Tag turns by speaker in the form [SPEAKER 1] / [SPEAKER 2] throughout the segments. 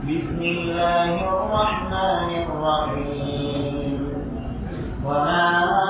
[SPEAKER 1] بسم الله الرحمن الرحيم وما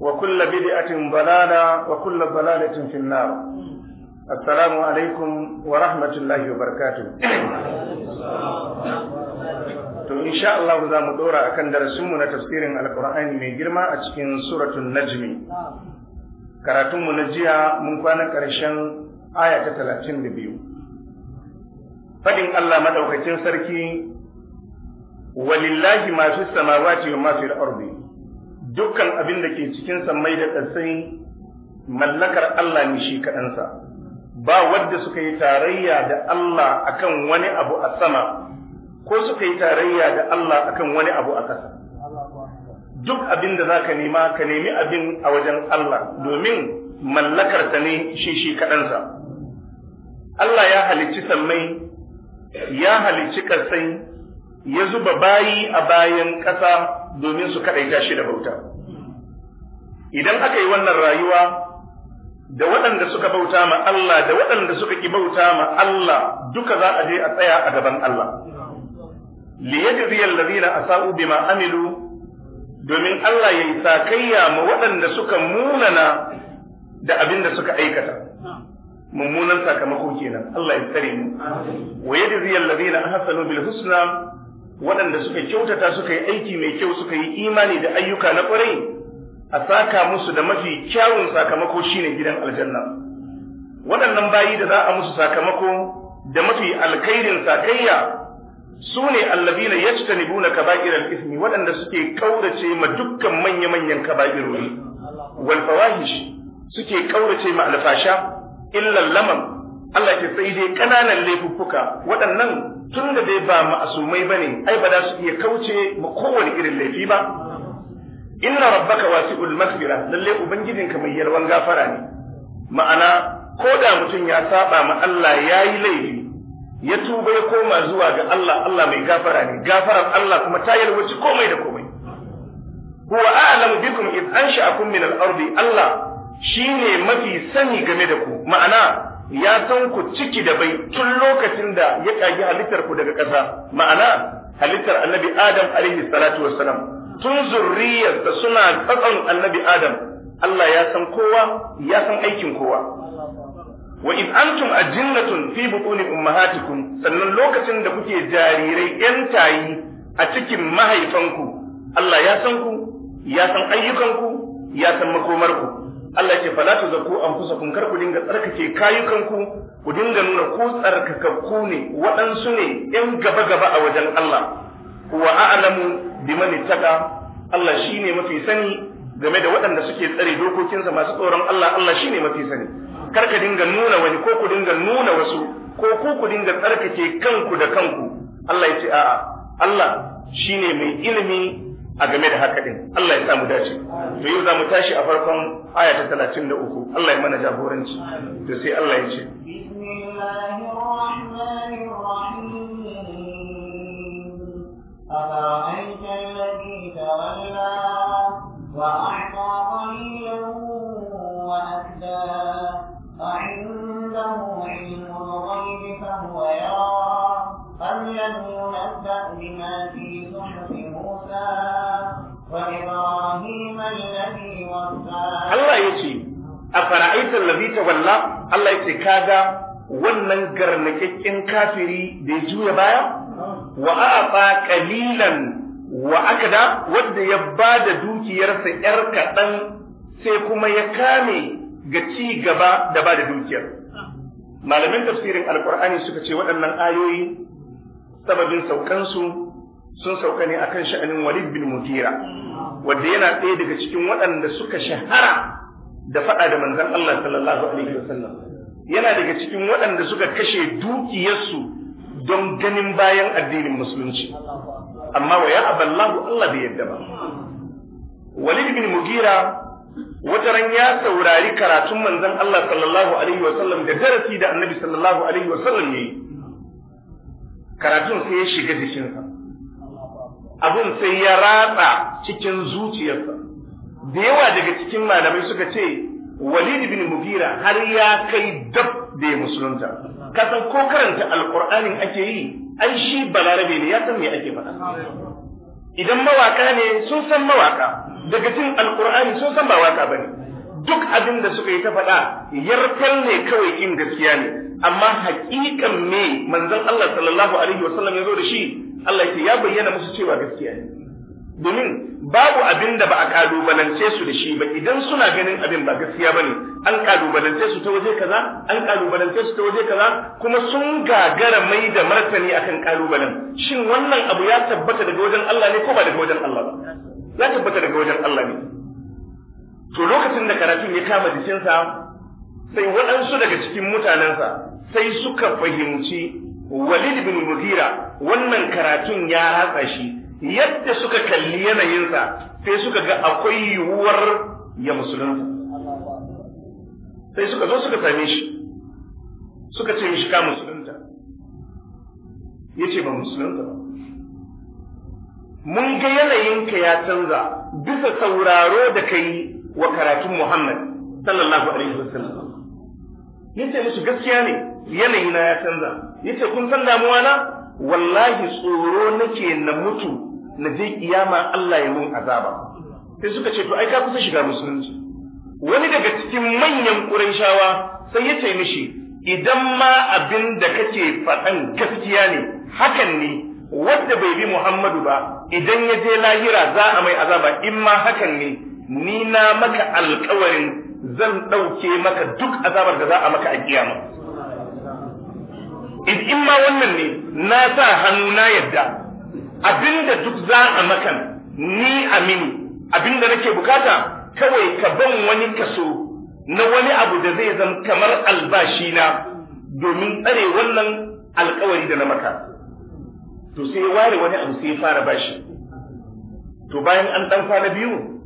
[SPEAKER 2] وكل بدعة ضلالة وكل ضلالة في النار السلام عليكم ورحمة الله وبركاته to insha Allah za mu dora akan darasinmu na tafsirin alkur'ani mai girma a cikin suratul najmi karatunmu na jiya mun kwana ƙarshen aya ta talatin da biyu faɗin Allah maɗaukacin sarki walillahi ma fi samawati wa ma ardi dukkan abin da ke cikin sammai da ƙasai mallakar Allah ne shi kaɗansa, ba wadda suka yi tarayya da Allah akan wani abu a sama, ko suka yi tarayya da Allah akan wani abu a ƙasa. Duk abin da za ka nema, ka nemi abin a wajen Allah, domin mallakarsa ne shi shi kaɗansa. Allah ya halicci sammai, ya halicci ƙasai, ya zuba bayi a bayan ƙasa domin su kaɗaita shi da bauta idan aka yi wannan rayuwa da waɗanda suka bauta ma Allah da waɗanda suka ki bauta ma Allah duka za a je a tsaya a gaban Allah liyajzi a asa'u bima amilu domin Allah ya yi sakayya ma waɗanda suka munana da abin da suka aikata mummunan sakamako kenan Allah ya tsare mu wa yajzi alladhina ahsanu bil husna waɗanda suka kyautata suka yi aiki mai kyau suka yi imani da ayyuka na ƙwarai a saka musu da mafi kyawun sakamako shine gidan aljanna waɗannan bayi da za a musu sakamako da mafi alkhairin sakayya su ne allabina yajtanibuna kaba'ir al-ithmi waɗanda suke kaurace ma dukkan manya-manyan kaba'irori wal fawahish suke kaurace ma alfasha illa lamam Allah ke sai dai ƙananan laifuffuka waɗannan tun da dai ba ma'asumai bane ai ba za su iya kauce ma kowane irin laifi ba inna rabbaka wasi'ul maghfira lalle ka mai yalwan gafara ne ma'ana ko da mutum ya saba ma Allah yayi laifi ya tuba ya koma zuwa ga Allah Allah mai gafara ne gafarar Allah kuma ta yalwaci komai da komai huwa a'lamu bikum id ansha'akum min al-ardi Allah shine mafi sani game da ku ma'ana ya san ku ciki da bai tun lokacin da ya kagi halittar ku daga ƙasa ma'ana halittar annabi adam alaihi salatu wassalam tun zurriyarsa suna tsatson annabi adam Allah ya san kowa ya san aikin kowa wa in antum ajinnatun fi butuni ummahatikum sannan lokacin da kuke jarirai yan tayi a cikin mahaifanku Allah ya san ku ya san ayyukanku ya san makomarku Allah ce fala tu zakku kun kar ku dinga tsarkake kayukanku ku dinga nuna ku tsarkakakku ne waɗansu ne ƴan gaba gaba a wajen Allah wa a'lamu biman ittaqa Allah shine mafi sani game da waɗanda suke tsare dokokinsa masu tsoron Allah Allah shine mafi sani kar ka dinga nuna wani ko ku dinga nuna wasu ko ku ku dinga tsarkake kanku da kanku Allah ya ce a'a Allah shine mai ilimi a game da haka din Allah ya samu dace to yau za mu tashi a farkon aya ta 33 Allah ya mana jagoranci to sai Allah ya ce
[SPEAKER 1] أفرأيت الذي أم له نبأ بما في صحف allah ya ce,
[SPEAKER 2] A fara'aitar يجي walla, Allah ya ce, يجي wannan garnakakken kafiri da ya juya baya wa a'ata wa'akada wa da wanda ya ba da dukiyarsa yar kaɗan sai kuma ya kame ga ci gaba da ba da dukiyar malamin tafsirin Alƙur'ani suka ce waɗannan ayoyi sababin saukansu sun sauka ne akan sha'anin Walid bin Mutira wanda yana ɗaya daga cikin waɗanda suka shahara da faɗa da manzon Allah sallallahu alaihi wasallam yana daga cikin waɗanda suka kashe dukiyarsu don ganin bayan addinin musulunci amma wa ya aballahu Allah bai yadda ba Walid bin Mugira wata ran ya saurari karatun manzon Allah sallallahu alaihi wasallam da darasi da Annabi sallallahu alaihi wasallam yayi karatun sai ya shiga jikinsa abin sai ya ratsa cikin zuciyarsa da yawa daga cikin malamai suka ce walid bin mugira har ya kai dab da ya musulunta kasan ko karanta Alƙur'anin ake yi an shi balarabe ne ya san me ake faɗa idan mawaka ne sun san mawaka daga cin Alƙur'ani sun san ba waka bane duk abin da suka yi ta faɗa yarfal ne kawai in gaskiya ne amma haƙiƙan me manzon Allah sallallahu alaihi wasallam ya zo da shi Allah ya ya bayyana musu cewa gaskiya ne domin babu abin da ba a kalubalance su da shi ba idan suna ganin abin ba gaskiya bane an kalubalance su ta waje kaza an kalubalance su ta waje kaza kuma sun gagara mai da martani akan kalubalen shin wannan abu ya tabbata daga wajen Allah ne ko ba daga wajen Allah ba ya tabbata daga wajen Allah ne to lokacin da karatun ya kama jikinsa sai waɗansu daga cikin mutanensa sai suka fahimci Walid bin Mughira wannan karatun ya ratsa shi yadda suka kalli yanayinsa sai suka ga akwai yiwuwar ya musulunta sai suka zo suka same shi suka ce mishi ka musulunta ya ce ba musulunta ba mun ga yanayinka ya canza bisa sauraro da kai wa karatun Muhammad sallallahu alaihi wasallam ya ce musu gaskiya ne yanayina ya canza yace kun san damuwa na wallahi tsoro nake na mutu na je kiyama Allah ya mun azaba sai suka ce to ai ka kusa shiga musulunci wani daga cikin manyan Qurayshawa sai ya ce mishi idan ma abin da kake faɗan gaskiya ne hakan ne wanda bai bi Muhammadu ba idan ya je lahira za a mai azaba in ma hakan ne ni na maka alƙawarin zan ɗauke maka duk azabar da za a maka a kiyama in ma wannan ne na sa hannu na yadda abinda duk za a makan ni aminu abinda nake bukata kawai ka ban wani kaso na wani abu da zai zama kamar albashi na domin tsare wannan alkawari da na maka to sai ware wani abu sai fara bashi to bayan an dan kwana biyu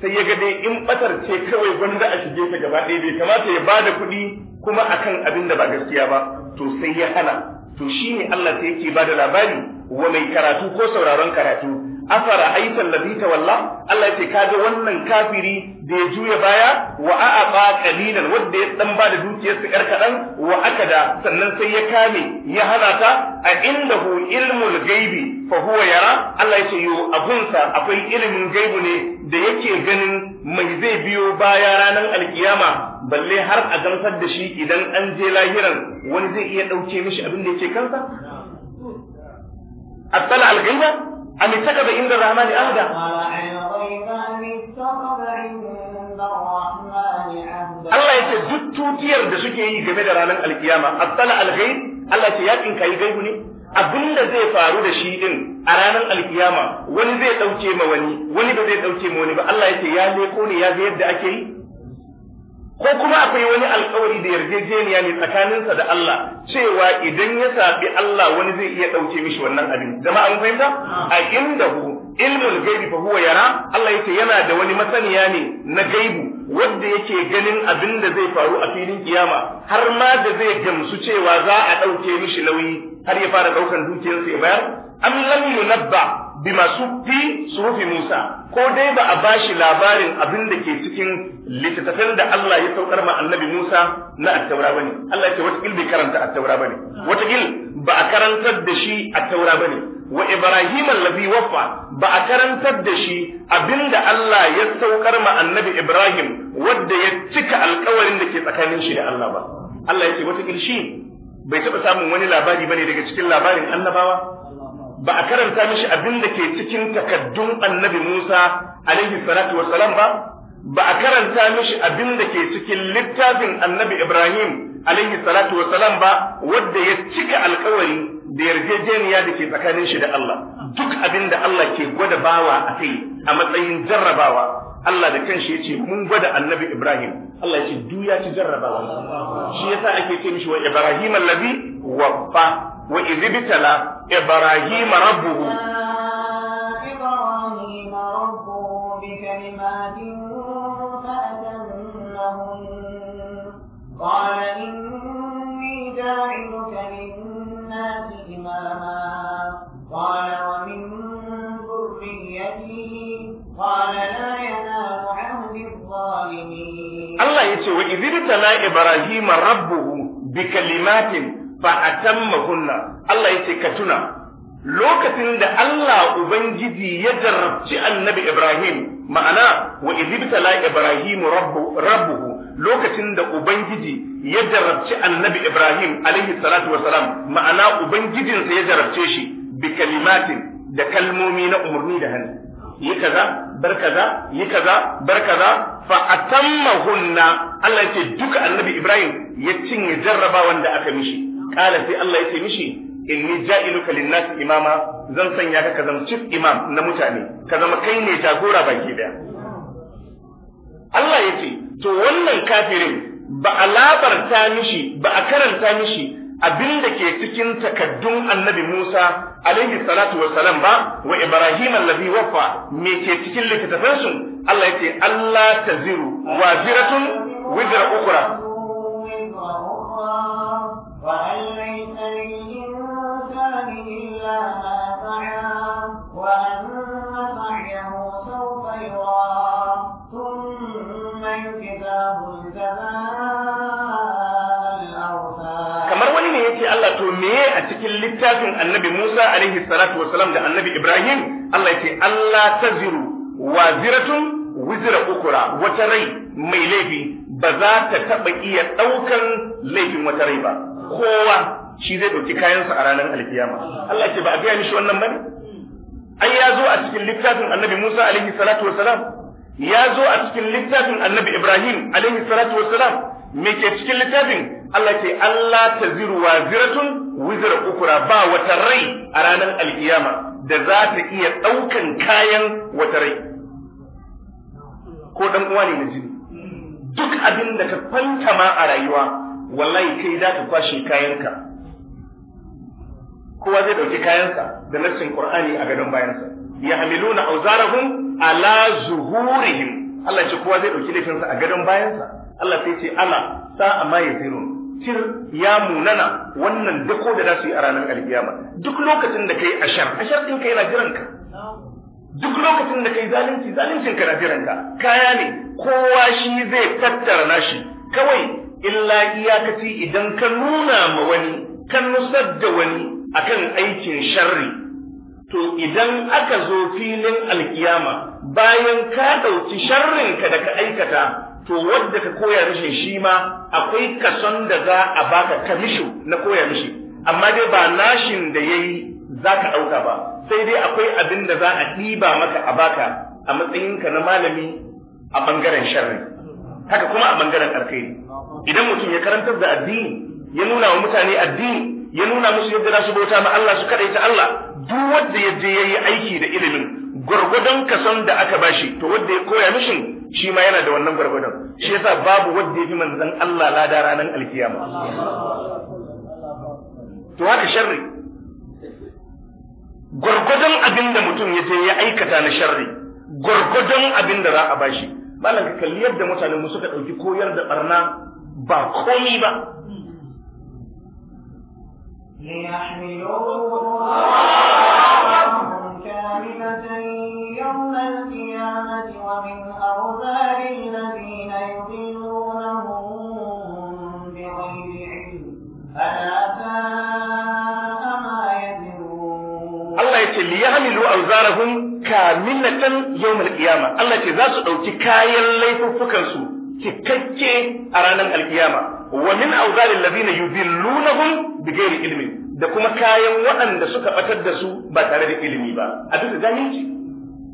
[SPEAKER 2] sai ya ga dai in batar ce kawai gwanda a shige ta gaba ɗaya bai kamata ya bada kuɗi kuma akan abin da ba gaskiya ba to sai ya hana to shine Allah sai yake bada labari wa mai karatu ko sauraron karatu afara aita allazi tawalla Allah yake kaga wannan kafiri da ya juya baya wa aqa qalilan wanda ya dan bada dukiyarsa yar kadan wa akada sannan sai ya kame ya hana ta a indahu ilmul gaibi fa huwa yara Allah yake yo abunsa akwai ilimin gaibu ne da yake ganin mai zai biyo baya ranar alkiyama balle har a gamsar da shi idan an je lahiran wani zai iya ɗauke mishi abin da yake kansa
[SPEAKER 1] attala a ghaiba am ittaqaba inda rahmani ahda Allah ya ce duk
[SPEAKER 2] tutiyar da suke yi game da ranar alkiyama attala al-ghaib Allah ce yakin kai gaibu ne abin da zai faru da shi din a ranar alkiyama wani zai ɗauke ma wani wani ba zai ɗauke ma wani ba Allah ya ce ya leko ne ya ga yadda ake yi ko kuma akwai wani alkawari da yarjejeniya ne tsakaninsa da Allah cewa idan ya sabi Allah wani zai iya ɗauke mishi wannan abin jama'a mun fahimta a inda hu ilmul gaibi fa huwa yara Allah yake yana da wani masaniya ne na gaibu wanda yake ganin abin da zai faru a filin kiyama har ma da zai gamsu cewa za a ɗauke mishi nauyi har ya fara ɗaukan dukiyarsa ya bayar am lam yunabba bima su fi surufi Musa ko dai ba a bashi labarin abin da ke cikin littattafin da Allah ya saukar ma annabi Musa na attaura bane Allah ya ce wata bai karanta attaura bane wata ba a karantar da shi attaura bane wa Ibrahim allazi waffa ba a karantar da shi abinda Allah ya saukar ma annabi Ibrahim wanda ya cika alƙawarin da ke tsakanin shi da Allah ba Allah ya ce wata shi bai taɓa samun wani labari bane daga cikin labarin annabawa ba a karanta mishi abin da ke cikin takaddun annabi Musa alaihi salatu wassalam ba ba a karanta mishi abin da ke cikin littafin annabi Ibrahim alaihi salatu wassalam ba wanda ya cika alkawari da yarjejeniya da ke tsakanin shi da Allah duk abin da Allah ke gwada bawa a kai a matsayin jarrabawa Allah da kanshi ya ce mun gwada annabi Ibrahim Allah ya ce duk ya ci jarrabawa shi yasa ake ce mishi wa Ibrahim allabi waffa وإذ ابتلى إبراهيم ربه
[SPEAKER 1] إبراهيم ربه بكلمات قال إني جاعلك للناس إماما قال ومن ذريتي قال لا الله يقول وإذ
[SPEAKER 2] ابتلى إبراهيم ربه بكلمات fa atamma kunna Allah ce ka tuna lokacin da Allah ubangiji ya jarrabci annabi Ibrahim ma'ana wa izibtala Ibrahim rabbu rabbuhu lokacin da Ubangiji ya jarabci annabi Ibrahim alaihi salatu salam, ma'ana Ubangijinsa ya jarabce shi bi kalimatin da kalmomi na umarni da hannu. Yi kaza, bar kaza, yi kaza, bar kaza, fa atammahunna Allah ce duka annabi Ibrahim ya cinye jarraba wanda aka mishi. kala sai Allah ce mishi inni ja'iluka lin imama zan sanya ka ka zama chief imam na mutane ka zama kai ne jagora baki daya Allah ce to wannan kafirin ba a ta mishi ba a karanta mishi abinda ke cikin takaddun annabi Musa alaihi salatu wa salam ba wa Ibrahim allazi wafa me ke cikin littafansu Allah ce Allah taziru wa tun wizra ukra
[SPEAKER 1] وأن ليس للإنسان إلا ما سعى وأن سعيه سوف يرى ثم يجزاه الجزاء الأوفى kamar
[SPEAKER 2] wani ne yace Allah to me a cikin littafin Annabi Musa alaihi salatu wasalam da Annabi Ibrahim Allah yace Allah taziru waziratun wizira ukura wata rai mai laifi ba za ta taɓa iya ɗaukan laifin wata rai ba. kowa shi zai ɗauki kayansa a ranar alkiyama Allah ce ba a gaya mishi wannan bane ai ya zo a cikin littafin annabi Musa alaihi salatu wasalam ya zo a cikin littafin annabi Ibrahim alaihi salatu wasalam me ke cikin littafin Allah ce Allah ta ziru wa ziratun wizra ukura ba wata rai a ranar alkiyama da za ta iya ɗaukan kayan wata rai ko dan uwa ne na jini duk abin da ka fantama a rayuwa wallahi kai za ka kwashe kayanka kowa zai ɗauki kayansa da nassin qur'ani a gadon bayansa yahmiluna awzarahum ala zuhurihim Allah ce kowa zai ɗauki laifinsa a gadon bayansa Allah sai ce ala sa'a ma yazirun tir ya munana wannan dako da za su yi a ranar alkiyama duk lokacin da kai ashar ashar din kai na jiran duk lokacin da kai zalunci zaluncin ka na jiranka. kaya ne kowa shi zai tattara nashi kawai illa iyakaci idan ka nuna ma wani kan nusar da wani akan aikin sharri to idan aka zo filin alkiyama bayan ka ɗauki sharrin ka da ka aikata to wadda ka koya mishi shi ma akwai kason da za a baka kamisho na koya mishi amma dai ba nashin da yayi za ka ɗauka ba sai dai akwai abin da za a ɗiba maka a baka a matsayinka na malami a ɓangaren sharri haka kuma a ɓangaren alkhairi idan mutum ya karantar da addini ya nuna wa mutane addini ya nuna musu yadda za su bauta ma Allah su ta Allah duk wanda ya je yayi aiki da ilimin gurgudan kasan da aka bashi to wanda ya koya mishin shi ma yana da wannan gurgudan shi yasa babu wanda ya fi manzon Allah lada ranar alkiyama to haka sharri gurgudan abin da mutum ya je ya aikata na sharri gurgudan abin da za a bashi malam ka kalli yadda mutanen mu suka ɗauki koyar da barna ba komi ba
[SPEAKER 1] يوم القيامة ومن أوزار الذين يضلونهم بغير علم ألا ce li yahmilu
[SPEAKER 2] awzarahum kamilatan yawm al-qiyamah Allah ce za su dauki kayan laifukan su cikakke a ranar alkiyama wa min awzaril ladina yudillunahum bighairi ilmin da kuma kayan waɗanda suka batar da su ba tare da ilimi ba a duka zalunci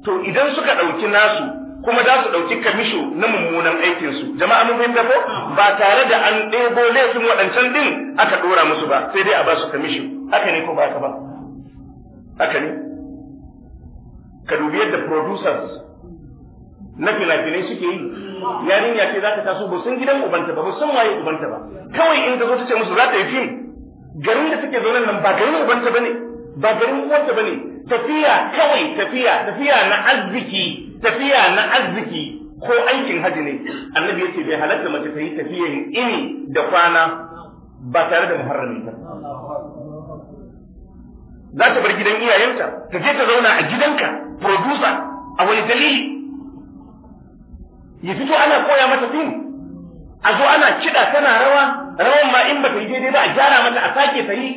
[SPEAKER 2] to idan suka dauki nasu kuma za su dauki kamisho na mummunan aikin su jama'a mun fahimta ko ba tare da an ɗebo laifin waɗancan din aka dora musu ba sai dai a ba su kamisho haka ne ko ba ka ba haka ne ka dubi yadda producers na fina suke yi yarinya ce za ta taso ba sun gidan ubanta ba ba sun waye ubanta ba kawai in ta zo ta ce musu za ta yi fim garin da suke zaune nan ba garin ubanta bane ba garin uwanta bane tafiya kawai tafiya tafiya na arziki tafiya na arziki ko aikin haji ne annabi yace bai halatta mace ta yi tafiyan ini da kwana ba tare da muharramin ta za ta bar gidan iyayenta ta je ta zauna a gidanka producer a wani dalili ya fito ana koya mata fim a zo ana kiɗa tana rawa rawan ma in bata yi daidai ba a gyara mata a sake ta yi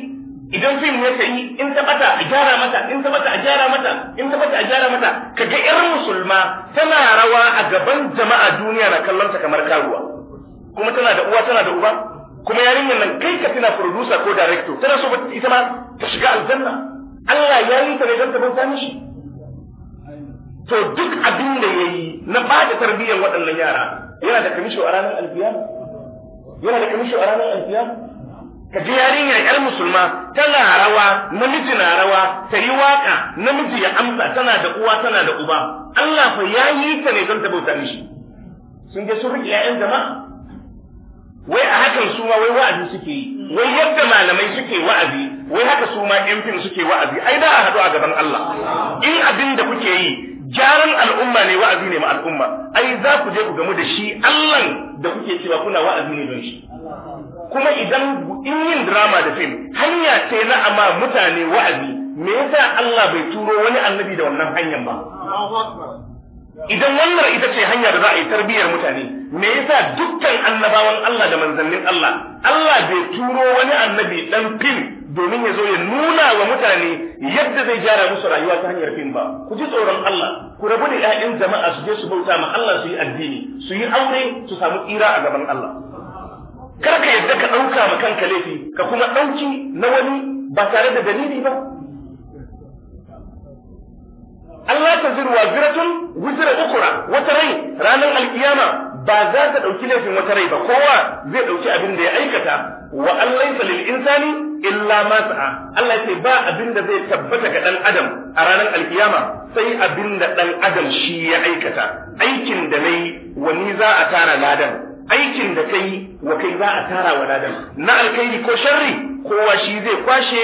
[SPEAKER 2] idan fim ya ta yi in ta bata a gyara mata in ta bata a gyara mata in ta bata a gyara mata kaga yar musulma tana rawa a gaban jama'a duniya na kallon ta kamar karuwa kuma tana da uwa tana da uba kuma yarinyar nan kai ka tana producer ko director tana so ita ma ka shiga aljanna Allah ya yi ta ne don ka bauta mishi to duk abin da ya yi na ba da tarbiyyar waɗannan yara yana da kamisho a ranar alfiyar yana da kamisho a ranar alfiyar ka ji yarinya yar musulma tana rawa namiji na rawa ta yi waka namiji ya amsa tana da uwa tana da uba Allah fa ya yi ta ne don ta bauta mishi sun je sun rike 'ya'yan jama'a wai a hakan su ma wai wa'azi suke yi wai yadda malamai suke wa'azi wai haka su ma yan fim suke wa'azi ai da a haɗu a gaban Allah in abin da kuke yi gyaran al'umma ne wa'azi ne ma al'umma ai za ku je ku gamu da shi Allah da kuke cewa kuna wa'azi ne don shi kuma idan in yin drama da fim hanya ce na amma mutane wa'azi me yasa Allah bai turo wani annabi da wannan hanyar ba idan wannan ita ce hanya da za a yi tarbiyyar mutane me yasa dukkan annabawan Allah da manzannin Allah Allah bai turo wani annabi dan fim domin ya zo ya nuna wa mutane yadda zai gyara musu rayuwa ta hanyar fim ba ku ji tsoron Allah ku rabu da ƴaƴan jama'a su je su bauta ma Allah su yi addini su yi aure su samu tsira a gaban Allah
[SPEAKER 1] kar ka yadda ka ɗauka ma kanka
[SPEAKER 2] laifi ka kuma ɗauki na wani ba tare da dalili ba Allah ta zirwa ziratun wuzira ukura wata rai ranar alkiyama ba za ta ɗauki laifin wata rai ba kowa zai ɗauki abin da ya aikata wa Allah lil insani illa ma sa'a Allah ce ba abin da zai tabbata ga dan adam a ranar alkiyama sai abin da dan adam shi ya aikata aikin da nayi wani za a tara ladan aikin da kai wa kai za a tara wa ladan na alkhairi ko sharri kowa shi zai kwashe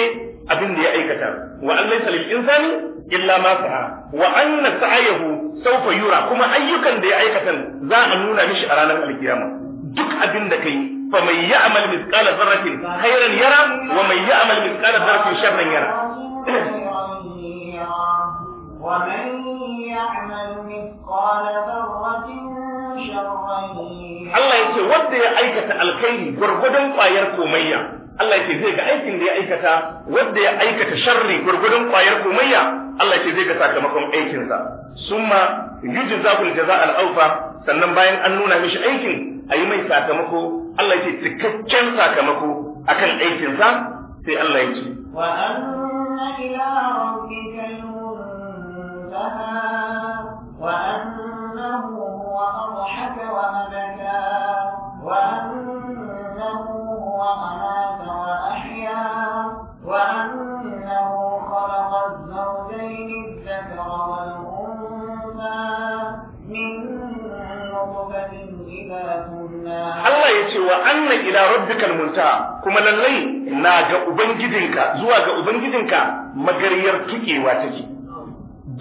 [SPEAKER 2] abin da ya aikata wa Allah lil insani illa ma sa'a wa anna sa'ayahu sawfa yura kuma ayyukan da ya aikatan za a nuna mishi a ranar alkiyama duk abin da kai fa wa
[SPEAKER 1] ومن يعمل مثقال ذرة شرا Allah ya ce wanda ya aikata alkhairi gwargwadon
[SPEAKER 2] kwayar komayya Allah ya ce zai ga aikin da ya aikata wanda ya aikata sharri gwargwadon kwayar komayya Allah ce zai ga sakamakon aikinsa summa yujzahul jaza'al awfa sannan bayan an nuna mishi aikin ayi mai sakamako Allah ce cikakken sakamako akan aikinsa sai Allah ya ce wa
[SPEAKER 1] anna ila rabbika al-muntaha wa annahu huwa arhaka wa abaka wa Allah ya ce wa
[SPEAKER 2] annan ila rabbikal munta kuma lallai na ga ubangijinka zuwa ga ubangijinka magariyar tukewa take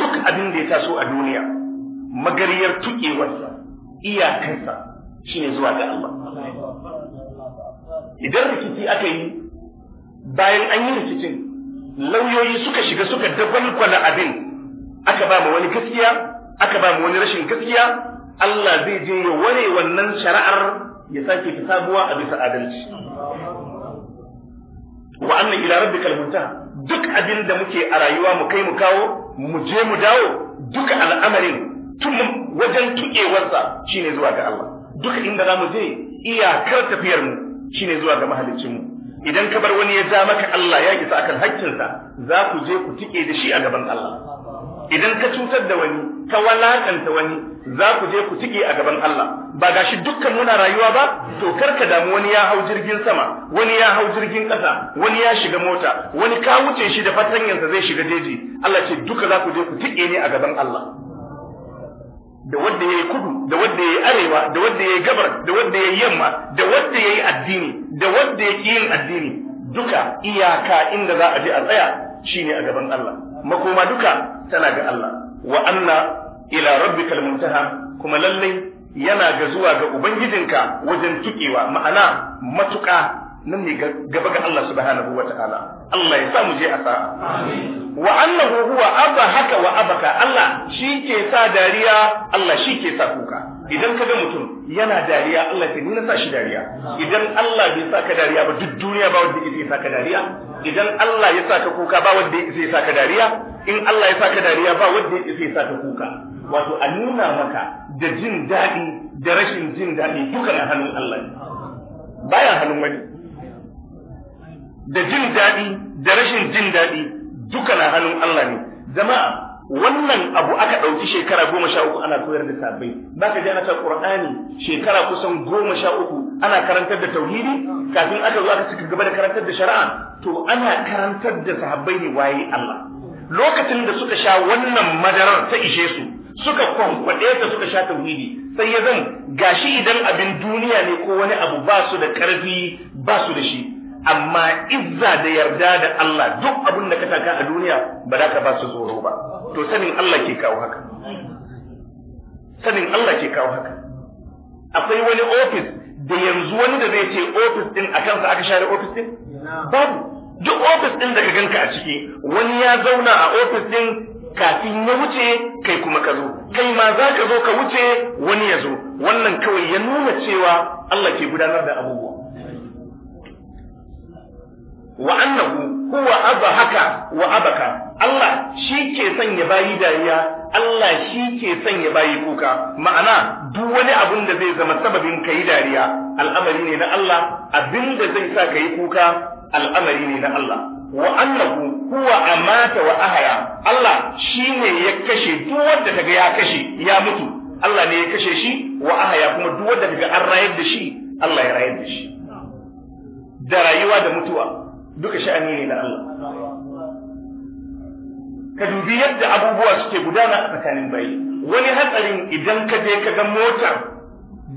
[SPEAKER 2] duk abin da ya taso a duniya magariyar tukewarsa iyakansa shine zuwa ga Allah idan rikici aka yi bayan an yi rikicin lauyoyi suka shiga suka dabalkwala abin aka ba mu wani gaskiya aka ba mu wani rashin gaskiya Allah zai je ya ware wannan shari'ar ya sake ta sabuwa a bisa adalci wa annan ila rabbikal muntaha duk abin da muke a rayuwa mu kai mu kawo mu je mu dawo duka al'amarin tun wajen tukewarsa shine zuwa ga Allah duk inda za mu je iyakar tafiyar mu shine zuwa ga mahaliccin mu idan ka bar wani ya ja maka Allah ya isa akan hakkinsa za ku je ku tike da shi a gaban Allah idan ka cutar da wani ta walakanta wani za ku je ku tike a gaban Allah ba ga shi dukkan muna rayuwa ba to karka damu wani ya hau jirgin sama wani ya hau jirgin ƙasa wani ya shiga mota wani ka wuce shi da fatanyansa zai shiga jeji Allah ce duka za ku je ku tike ne a gaban Allah da wanda yayi kudu da wanda yayi arewa da wanda yayi gabar da wanda yayi yamma da wanda yayi addini da wanda yake yin addini duka iyaka inda za a je a tsaya shine a gaban Allah makoma duka tana ga Allah wa anna ila rabbikal muntaha kuma lallai yana ga zuwa ga ubangijinka wajen tukewa ma'ana matuƙa nan ne gaba ga Allah subhanahu wa Allah ya sa mu je a sa'a wa annahu huwa haka wa abaka Allah shi ke sa dariya Allah shi ke sa kuka idan ka ga mutum yana dariya Allah sai ni na sa shi dariya idan Allah bai sa ka dariya ba duk duniya ba wanda yake sa ka dariya idan Allah ya saka kuka ba wanda zai saka dariya in Allah ya saka dariya ba wanda zai saka kuka wato a nuna maka da jin daɗi da rashin jin daɗi duka na hannun Allah ne hannun wani da jin daɗi da rashin jin daɗi duka na hannun Allah ne jama'a wannan abu aka ɗauki shekara goma sha uku ana koyar da sabbai ba ka ji ana ta ƙur'ani shekara kusan goma sha uku ana karantar da tauhidi kafin aka zo aka cika gaba da karantar da shari'a to ana karantar da sahabbai ne waye Allah lokacin da suka sha wannan madarar ta ishe su suka kwankwaɗe ta suka sha tauhidi sai ya zan gashi idan abin duniya ne ko wani abu ba su da ƙarfi ba su da shi amma izza da yarda da Allah duk abin da ka taka a duniya ba za ka ba su tsoro ba to sanin Allah ke kawo haka sanin Allah ke kawo haka akwai wani ofis da yanzu wani da zai ce ofis din a kansa aka share ofis din babu duk ofis din da ka ganka a ciki wani ya zauna a ofis din kafin ya wuce kai kuma ka zo kai ma za ka zo ka wuce wani ya zo wannan kawai ya nuna cewa Allah ke gudanar da abubuwa wa annahu huwa abahaka wa abaka Allah shi ke sanya bayi dariya Allah shi ke sanya bayi kuka ma'ana duk wani abun da zai zama sababin kai dariya al'amari ne na Allah abin da zai sa kai kuka al'amari ne na Allah wa annahu huwa amata wa ahya Allah shi ne ya kashe duk wanda kaga ya kashe ya mutu Allah ne ya kashe shi wa ahya kuma duk wanda kaga an rayar da shi Allah ya rayar da shi da rayuwa da mutuwa duka sha'ani ne na Allah ka dubi yadda abubuwa suke gudana a tsakanin bayi wani hatsarin idan ka je ka ga motar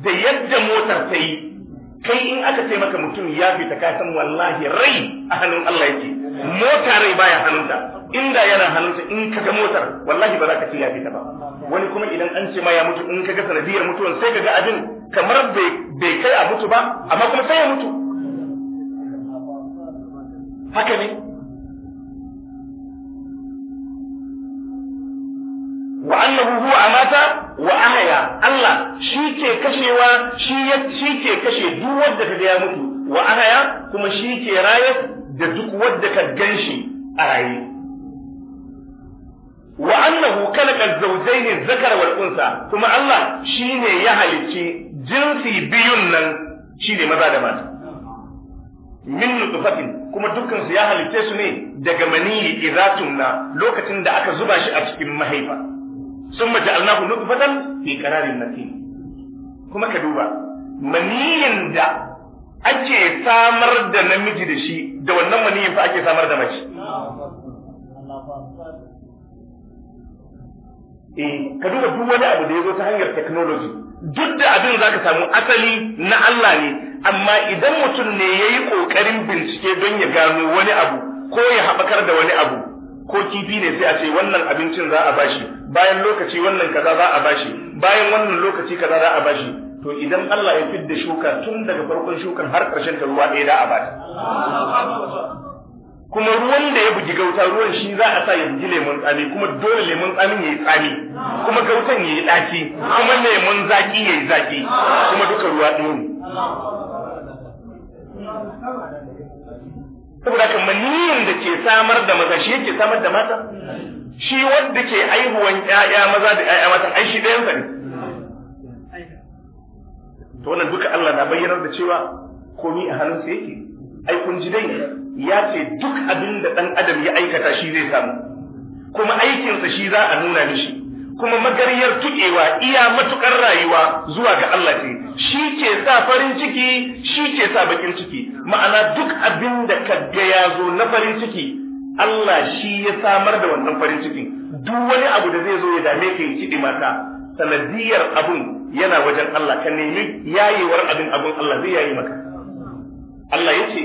[SPEAKER 2] da yadda motar ta yi kai in aka ce maka mutum ya fita ka san wallahi rai a hannun Allah yake mota rai baya hannunta inda yana hannunta in ka ga motar wallahi ba za ka ce ya fita ba wani kuma idan an ce ma ya mutu in ka ga sanadiyar mutuwan sai ka ga abin kamar bai kai a mutu ba amma kuma sai ya mutu
[SPEAKER 1] haka ne wa annahu huwa amata wa ahya Allah shi
[SPEAKER 2] ke kashewa shi ke kashe duk wanda ka ya mutu wa ahya kuma shi ke raye da duk wanda ka ganshi a raye wa annahu khalaqa zawjayn adh wal unsa kuma Allah shine ya halicci jinsi biyun nan shine maza da mata min nutfatin kuma dukkan su ya halitte su ne daga maniyi na lokacin da aka zuba shi a cikin mahaifa Sun summa ja'alnahu nutfatan fi qararin matin kuma ka duba maniyin da ake samar da namiji da shi da wannan maniyin fa ake samar da mace eh ka duba duk wani abu da ya zo ta hanyar technology duk da abin zaka samu asali na Allah ne amma idan mutum ne ya yi ƙoƙarin bincike don ya gano wani abu ko ya haɓakar da wani abu ko kifi ne sai a ce wannan abincin za a bashi bayan lokaci wannan kaza za a bashi bayan wannan lokaci kaza za a bashi to idan Allah ya fidda shuka tun daga farkon shukan har ƙarshen ta ruwa ɗaya da a bata kuma ruwan da ya bugi gauta ruwan shi za a sa ya bugi lemun tsami kuma dole lemun tsamin ya yi tsami kuma gautan ya yi ɗaci kuma lemun zaƙi ya yi zaƙi kuma duka ruwa ɗaya saboda kamar maniyin da ke samar da maza shi yake samar da mata shi wanda ke aihuwan ƴaƴa maza da ƴaƴa mata ai shi ɗayan sa ne to wannan duka Allah na bayyanar da cewa komi a hannunsa yake ai kun ji dai ya ce duk abin da ɗan adam ya aikata shi zai samu
[SPEAKER 1] kuma aikinsa
[SPEAKER 2] shi za a nuna mishi kuma magariyar tuƙewa iya matukar rayuwa zuwa ga Allah ce shi ke sa farin ciki shi ke sa bakin ciki ma'ana duk abin da ka ga ya zo na farin ciki Allah shi ya samar da wannan farin cikin duk wani abu da zai zo ya dame ka yi kiɗi mata sanadiyar abun yana wajen Allah ka nemi yayewar abin abun Allah zai yayi maka Allah ya ce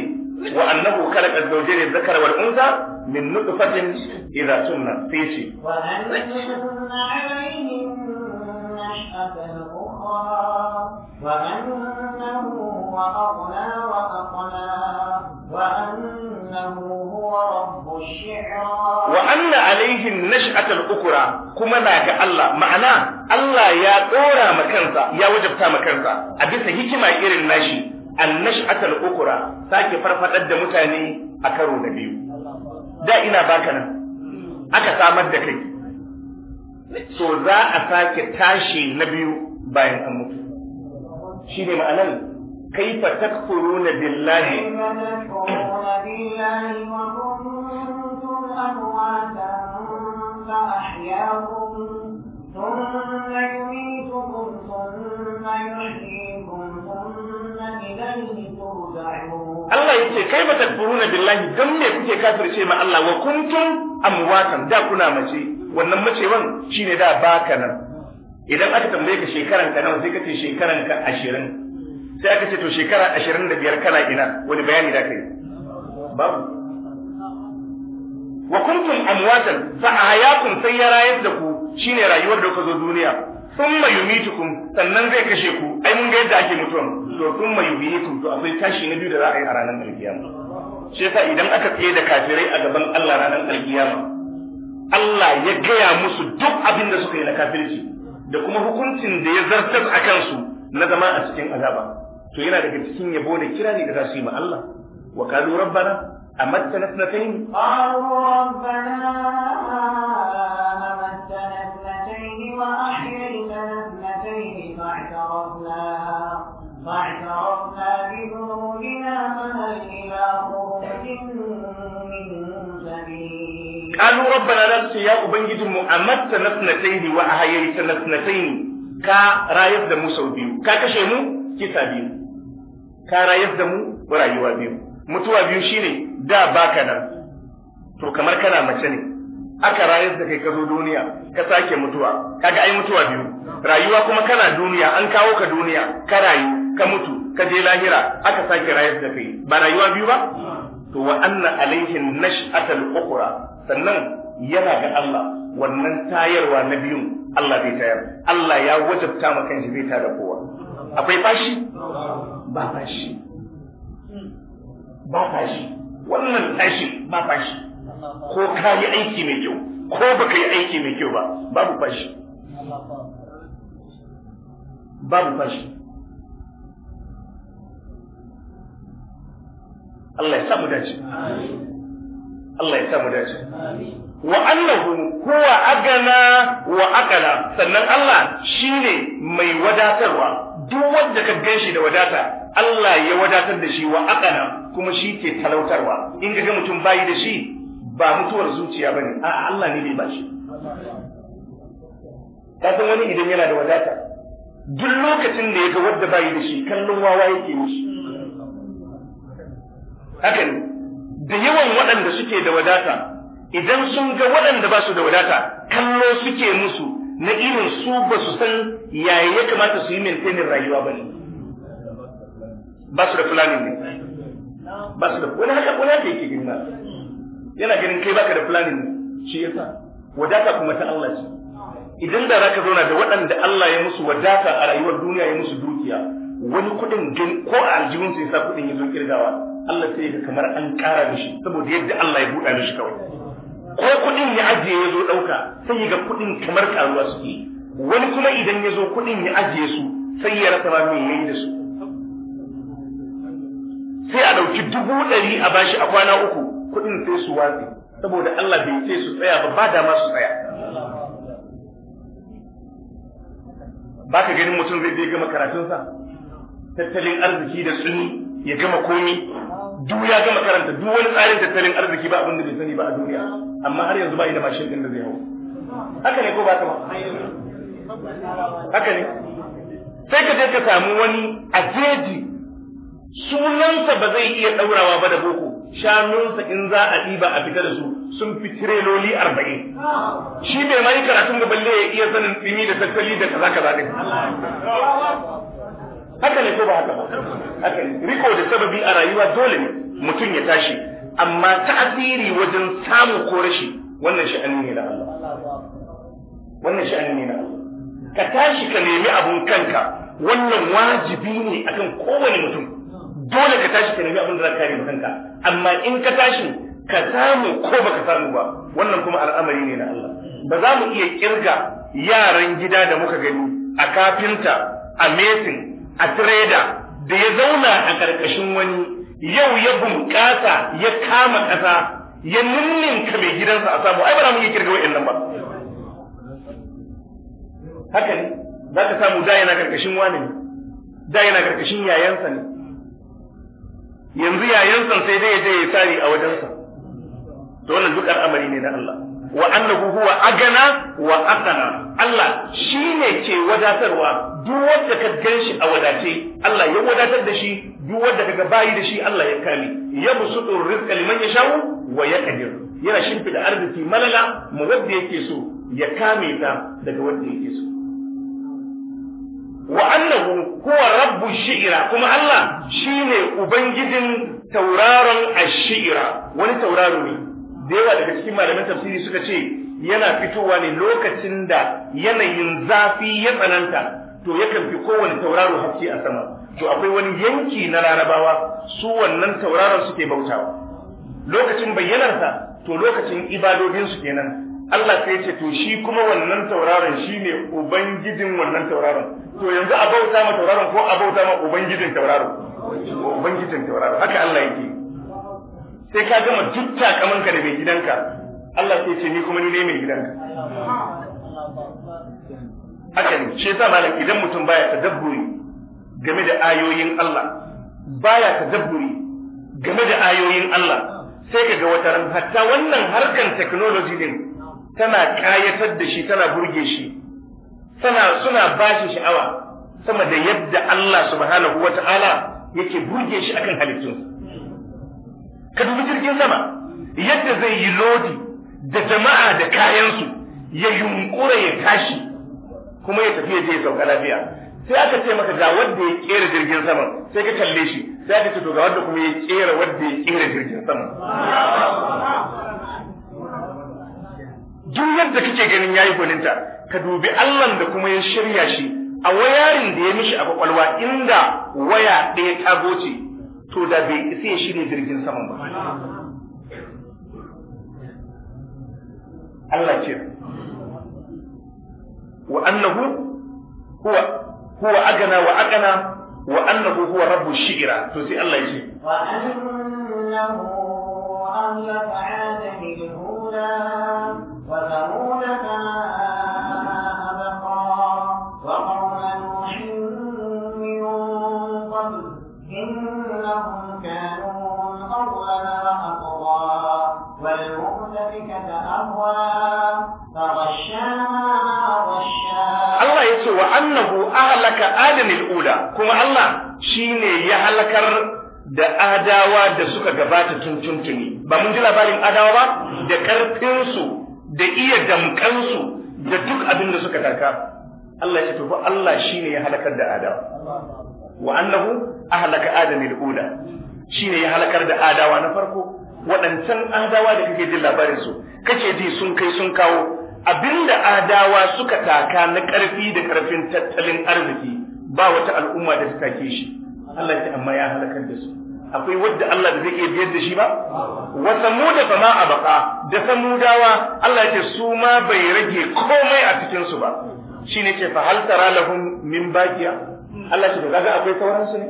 [SPEAKER 2] wa annahu khalaqa zawjayn dhakara wal unsa min nutfatin idha tumna sai ce
[SPEAKER 1] wa annahu وأنه وأغنى وأقنى وأنه هو رب الشعرى وأن عليه
[SPEAKER 2] النشأة الأخرى كما ناك الله معنى الله يا دورا مكانسا يا وجبتا مكانسا أبسا هكما إيرن ناشي النشأة الأخرى ساكي فرفت متاني أكرو نبيو دا إنا باكنا aka samar da kai so za a sake tashi na biyu bayan an mutu shi ne ma'anan kaifa takfuruna billahi
[SPEAKER 1] الله يقول كيف
[SPEAKER 2] تكفرون بالله دم يكون كافر شيء مع الله وكنتم أمواتا دا كنا مشي wannan macewan shine da baka nan idan aka tambaye ka shekaran ka nawa sai ka ce shekaran ka 20 sai aka ce to shekara ashirin da biyar kana ina wani bayani da kai babu wa kuntum amwatan fa ayakum sai ya rayar da ku shine rayuwar da ku zo duniya thumma yumitukum sannan zai kashe ku ai mun ga yadda ake mutuwa to thumma yumitukum to akwai tashi na biyu da za a yi a ranar alkiyama shi yasa idan aka tsaye da kafirai a gaban Allah ranar alkiyama Allah ya gaya musu duk abin da suka yi na kafirci da kuma hukuncin da ya zartar a kansu na zama a cikin azaba to yana daga cikin yabo da kira ne da za su yi ma Allah wa qalu rabbana amattana اثنتين
[SPEAKER 1] قالوا ربنا أمتنا اثنتين وأحييتنا اثنتين فاعترفنا فاعترفنا بذنوبنا فهل إلى kanu rabbana la ce ya
[SPEAKER 2] ubangijinmu amatta nasnataini wa ahayayta nasnataini ka rayar da mu sau biyu ka kashe mu kisa biyu ka rayar da mu rayuwa biyu mutuwa biyu shine da baka nan to kamar kana mace ne aka rayar da kai ka zo duniya ka sake mutuwa kaga ai mutuwa biyu rayuwa kuma kana duniya an kawo ka duniya ka rayu ka mutu ka je lahira aka sake rayar da kai ba rayuwa biyu ba to wa anna alaihin nash'atal ukhra sannan yana ga Allah wannan tayarwa na biyun Allah bai tayar Allah ya wajabta maka kanshi zai da kowa akwai fashi
[SPEAKER 1] ba fashi ba
[SPEAKER 2] fashi wannan tashi ba fashi ko ka yi aiki mai kyau ko baka yi aiki mai kyau ba babu fashi babu fashi Allah ya sa mu dace Allah ya sa mu dace
[SPEAKER 1] wa annahu huwa
[SPEAKER 2] agana wa akala sannan Allah shine mai wadatarwa duk wanda ka ganshi da wadata Allah ya wadatar da shi wa akala kuma shi ke talautarwa in ga mutum bayi da shi ba mutuwar zuciya bane a'a Allah ne mai bashi ka san wani idan yana da wadata duk lokacin da ya ga wanda bayi da shi kallon wawa yake mishi haka ne da yawan waɗanda suke da wadata idan sun ga waɗanda ba su da wadata kallo suke musu na irin su ba su san yaya ya kamata su yi maintainin rayuwa ba ne ba su da planning ne ba su da wani haka wani haka yake gina yana ganin kai baka da planning ne shi yasa wadata kuma ta Allah
[SPEAKER 1] ce
[SPEAKER 2] idan da za ka zauna da waɗanda Allah ya musu wadata a rayuwar duniya ya musu dukiya wani kuɗin ko a aljihunsa ya sa kuɗin ya zo kirgawa Allah sai ga kamar an ƙara mishi saboda yadda Allah ya buɗa mishi kawai ko kuɗin ya ajiye ya zo ɗauka sai ga kuɗin kamar ƙaruwa suke wani kuma idan ya zo kuɗin ya ajiye su sai ya rasa ma mai yayi da su sai a ɗauki dubu ɗari a bashi a kwana uku kuɗin sai su watsi saboda Allah bai ce su tsaya ba ba dama su tsaya ba ka ganin mutum zai je gama karatunsa tattalin arziki da tsuni ya gama komi duk ya gama karanta duk wani tsarin tattalin arziki ba abin da bai sani ba a duniya amma har yanzu ba yi da mashin din da zai hau haka ne ko ba ba
[SPEAKER 1] haka ne sai ka je
[SPEAKER 2] ka samu wani a jeji sunansa ba zai iya daurawa ba da boko shanunsa in za a ɗiba a fita da su sun fi tireloli arba'in shi bai ma yi karatun da balle ya iya sanin tsimi da tattali da kaza kaza din haka ne ko ba haka ba haka ne riko da sababi a rayuwa dole ne mutum ya tashi amma ta'asiri wajen samu ko rashi wannan sha'ani ne na Allah wannan sha'ani ne na Allah ka tashi ka nemi abun kanka wannan wajibi ne akan kowane mutum dole ka tashi ka nemi abun da zaka kare kanka amma in ka tashi ka samu ko baka samu ba wannan kuma al'amari ne na Allah ba za mu iya kirga yaran gida da muka gani a kafinta a mesin a trader da ya zauna a ƙarƙashin wani yau ya bunƙasa ya kama ƙasa ya ka mai gidansa a samu ai ba mu iya kirga wa'annan ba haka ne za ka samu da yana ƙarƙashin wani ne da yana ƙarƙashin yayansa ne yanzu yayansa sai dai ya je ya tsari a wajensa to wannan duk al'amari ne na Allah wa annahu huwa agana wa asana Allah shine ke wadatarwa duk wanda ka ganshi a wadace Allah ya wadatar da shi duk wanda kaga da shi Allah ya kame ya musudu rizqa liman yashau wa yaqdir yana shimfida arziki malala mu wanda yake so ya kame ta daga wanda yake so rabbu kuma Allah shine ubangijin tauraron ash wani tauraro ne da yawa daga cikin malaman tafsiri suka ce yana fitowa ne lokacin da yanayin zafi ya tsananta to yakan fi kowane tauraro haske a sama to akwai wani yanki na larabawa su wannan tauraron suke bautawa lokacin bayyanarsa to lokacin ibadodinsu kenan Allah sai ce to shi kuma wannan tauraron shine ubangijin wannan tauraron to yanzu a bauta ma tauraron ko a bauta ma ubangijin tauraron ubangijin tauraron haka Allah yake sai ka gama duk takamanka da mai gidanka Allah sai ce ni kuma ni ne mai gidanka haka ne shi yasa malam idan mutum baya tadabburi game da ayoyin Allah baya tadabburi game da ayoyin Allah sai ka ga wataran hatta wannan harkan technology din tana kayatar da shi tana burge shi tana suna bashi sha'awa sama da yadda Allah subhanahu wata'ala yake burge shi akan halittunsa ka dubi jirgin sama yadda zai yi lodi da jama'a da kayansu ya yunkura ya tashi kuma ya tafi ya je ya sauka lafiya sai aka ce maka ga wanda ya kera jirgin sama sai ka kalle shi sai aka ce to ga wanda kuma ya kera wanda ya kera jirgin sama
[SPEAKER 1] duk yadda kake
[SPEAKER 2] ganin yayi gwaninta ka dubi Allah da kuma ya shirya shi a wayarin da ya mishi a kwakwalwa inda waya ɗaya ta goce to da bai isa ya shirya jirgin saman ba Allah ce wa annahu huwa huwa agana wa agana wa annahu huwa rabbu shi'ra to sai Allah ce wa
[SPEAKER 1] annahu أهلك عاد بالأولى وثمود كما أبقى وقوم نوح من قبل أنهم كانوا هم أولنا أطغى والمؤتفكة أهوى فغشاها ما غشا الله يسوى
[SPEAKER 2] وأنه أهلك آدم الأولى كما الله شيني يهلكر da adawa da suka gabata tun tuntuni ba mun ji labarin adawa ba da ƙarfinsu da iya damkansu da duk abin da suka taka Allah ya ce to Allah shine ya halakar da adawa wa annahu ahlaka adamil ula shine ya halakar da adawa na farko waɗancan adawa da kake jin labarin su kake ji sun kai sun kawo abinda adawa suka taka na ƙarfi da ƙarfin tattalin arziki ba wata al'umma da ta take shi Allah ya amma ya halakar da su akwai wadda Allah da zai iya biyar da shi ba wa samuda fa ma abqa da samudawa Allah ya ce su ma bai rage komai a cikin su ba shine ce fa hal tara lahum min baqiya Allah ya ce kaga akwai sauran su ne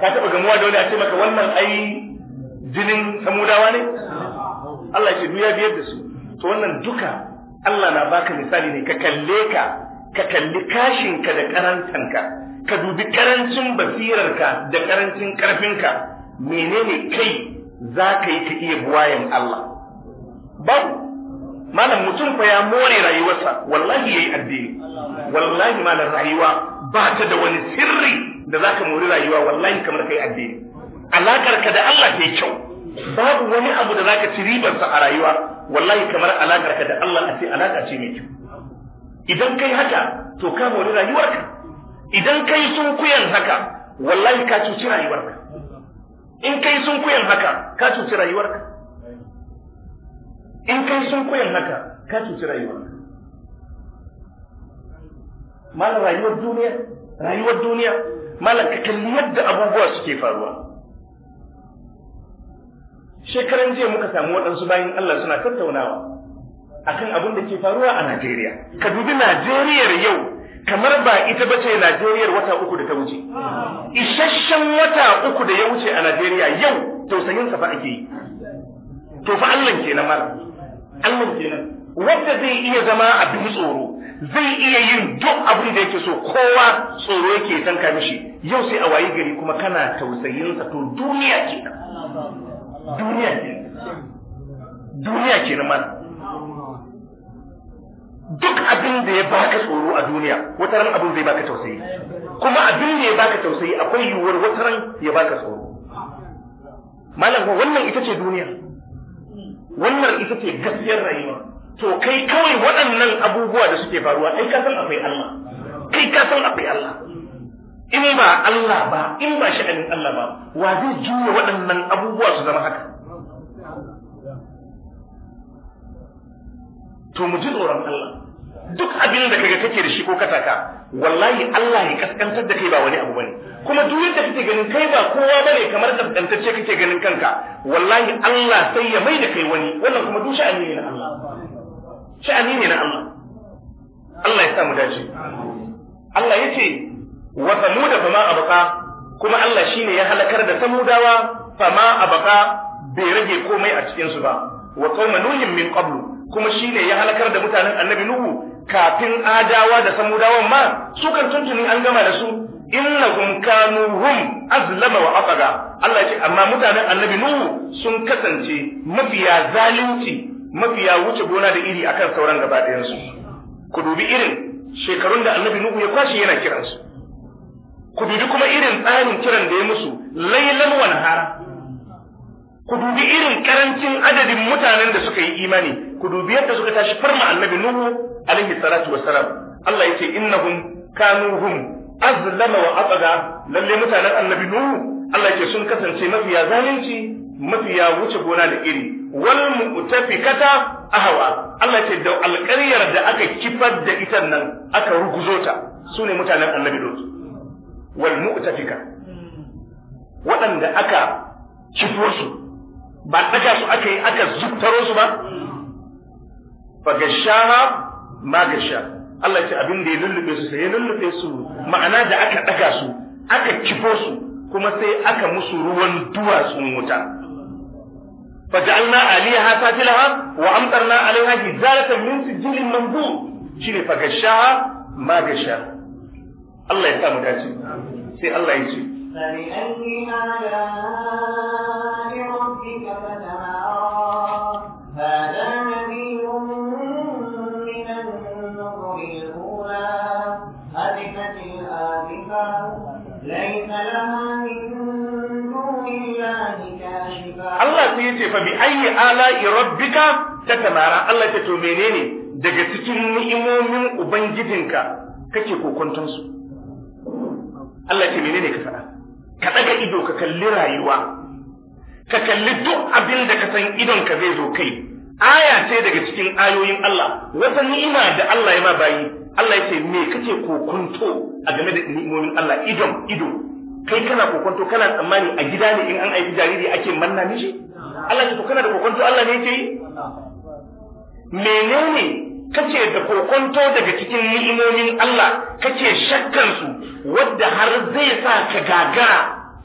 [SPEAKER 2] ka taɓa gamuwa da wani a ce maka wannan ai jinin samudawa ne Allah ce duya biyar da su to wannan duka Allah na baka misali ne ka kalle ka ka kalli kashinka da karantanka ka dubi karancin basirarka da karancin ƙarfinka, menene kai za ka yi ka iya buwayen Allah babu malam mutum fa ya more rayuwarsa wallahi yayi addini wallahi malam rayuwa ba ta da wani sirri da za ka mori rayuwa wallahi kamar kai addini alakar ka da Allah ta kyau babu wani abu da za ka ci ribarsa a rayuwa wallahi kamar alakar ka da Allah a ce alaka ce mai kyau idan kai haka to ka mori rayuwarka idan kai sun kuyan haka wallahi ka cuci rayuwarka in kai sun kuyan haka ka cuci rayuwarka in kai sun kuyan haka ka cuci rayuwarka malam rayuwar duniya rayuwar duniya malam ka kalli yadda abubuwa suke faruwa shekaran jiya muka samu waɗansu bayan Allah suna tattaunawa akan abin da ke faruwa a Najeriya. Ka dubi Najeriyar yau kamar ba ita ba ce Najeriyar wata uku da ta wuce. Isasshen wata uku da ya wuce a Najeriya yau tausayin fa ake yi. To fa Allah kenan malam, Allah kenan. Wanda zai iya zama abin tsoro zai iya yin duk abin da yake so kowa tsoro yake tanka mishi yau sai a wayi gari kuma kana tausayinsa to
[SPEAKER 1] duniya ke duniya ke
[SPEAKER 2] duniya ke na mana duk abin da ya baka tsoro a duniya wata ran abin zai baka tausayi kuma abin da ya baka tausayi akwai yiwuwar wata ran ya baka tsoro malam wannan ita ce duniya wannan ita ce gaskiyar rayuwa to kai kawai waɗannan abubuwa da suke faruwa kai ka san akwai Allah kai ka san akwai Allah
[SPEAKER 1] in ba Allah ba in ba shi sha'anin Allah ba wa zai jiya waɗannan abubuwa su zama haka to mu ji tsoron
[SPEAKER 2] Allah duk abin da kaga kake da shi ko kataka wallahi Allah ya kaskantar da kai ba wani abu bane kuma duk yadda kake ganin kai ba kowa bane kamar kaskantacce kake ganin kanka wallahi Allah sai ya mai da kai wani wannan kuma duk sha'ani ne na Allah sha'ani ne na Allah Allah ya sa dace Allah ya ce wa samuda fama abqa kuma Allah shine ya halakar da samudawa fama abqa bai rage komai a cikin su ba wa qauma nuhin min qablu kuma shine ya halakar da mutanen annabi nuhu kafin adawa da samudawan ma su kan tuntuni an gama da su innakum kanu hum azlama wa aqada Allah ya ce amma mutanen annabi nuhu sun kasance mafiya zalunci mafiya wuce gona da iri akan sauran gaba ɗayansu ku dubi irin shekarun da annabi nuhu ya kwashe yana kiransu ku dubi kuma irin tsarin kiran da ya musu lailan wa nahara ku dubi irin karancin adadin mutanen da suka yi imani ku dubi yadda suka tashi farma annabi nuhu alaihi salatu wassalam Allah yace innahum kanu hum azlama wa atgha lalle mutanen annabi nuhu Allah yace sun kasance mafiya zalunci mafiya wuce gona da iri wal mu'tafikata ahwa Allah ce da alƙaryar da aka kifar da ita nan aka ruguzo ta sune mutanen annabi Lut wal mu'tafika waɗanda aka kifo su ba daga su aka yi aka zuttaro su ba fa gashaha ma gasha Allah ce abin da ya lullube su sai ya lullube su ma'ana da aka daga su aka kifo su kuma sai aka musu ruwan duwatsun wuta فجعلنا عليها سافلها وأمطرنا عليها جزالة من سجيل منبوع شيء فغشاها ما غشاها الله يسامح داشي سي الله يجي
[SPEAKER 1] فبأي آلاء
[SPEAKER 2] ayi ala rabbika tatamara Allah ya to menene daga cikin ni'imomin ubangijinka kake kokonton su Allah ya ce menene ka fada ka daga ido ka kalli rayuwa ka kalli duk abin da ka san idon ka zai zo kai aya ce daga cikin ayoyin Allah wata ni'ima da Allah ya ma bayi Allah ya ce me kake kokonto a game da ni'imomin Allah idon ido kai kana kokonto kana tsammani a gida ne in an aiki jariri ake manna miji? Allah ne kana da kokonto Allah ne yake yi menene kace da kokonto daga cikin ni'imomin Allah kace shakkan su wanda har zai sa ka gagara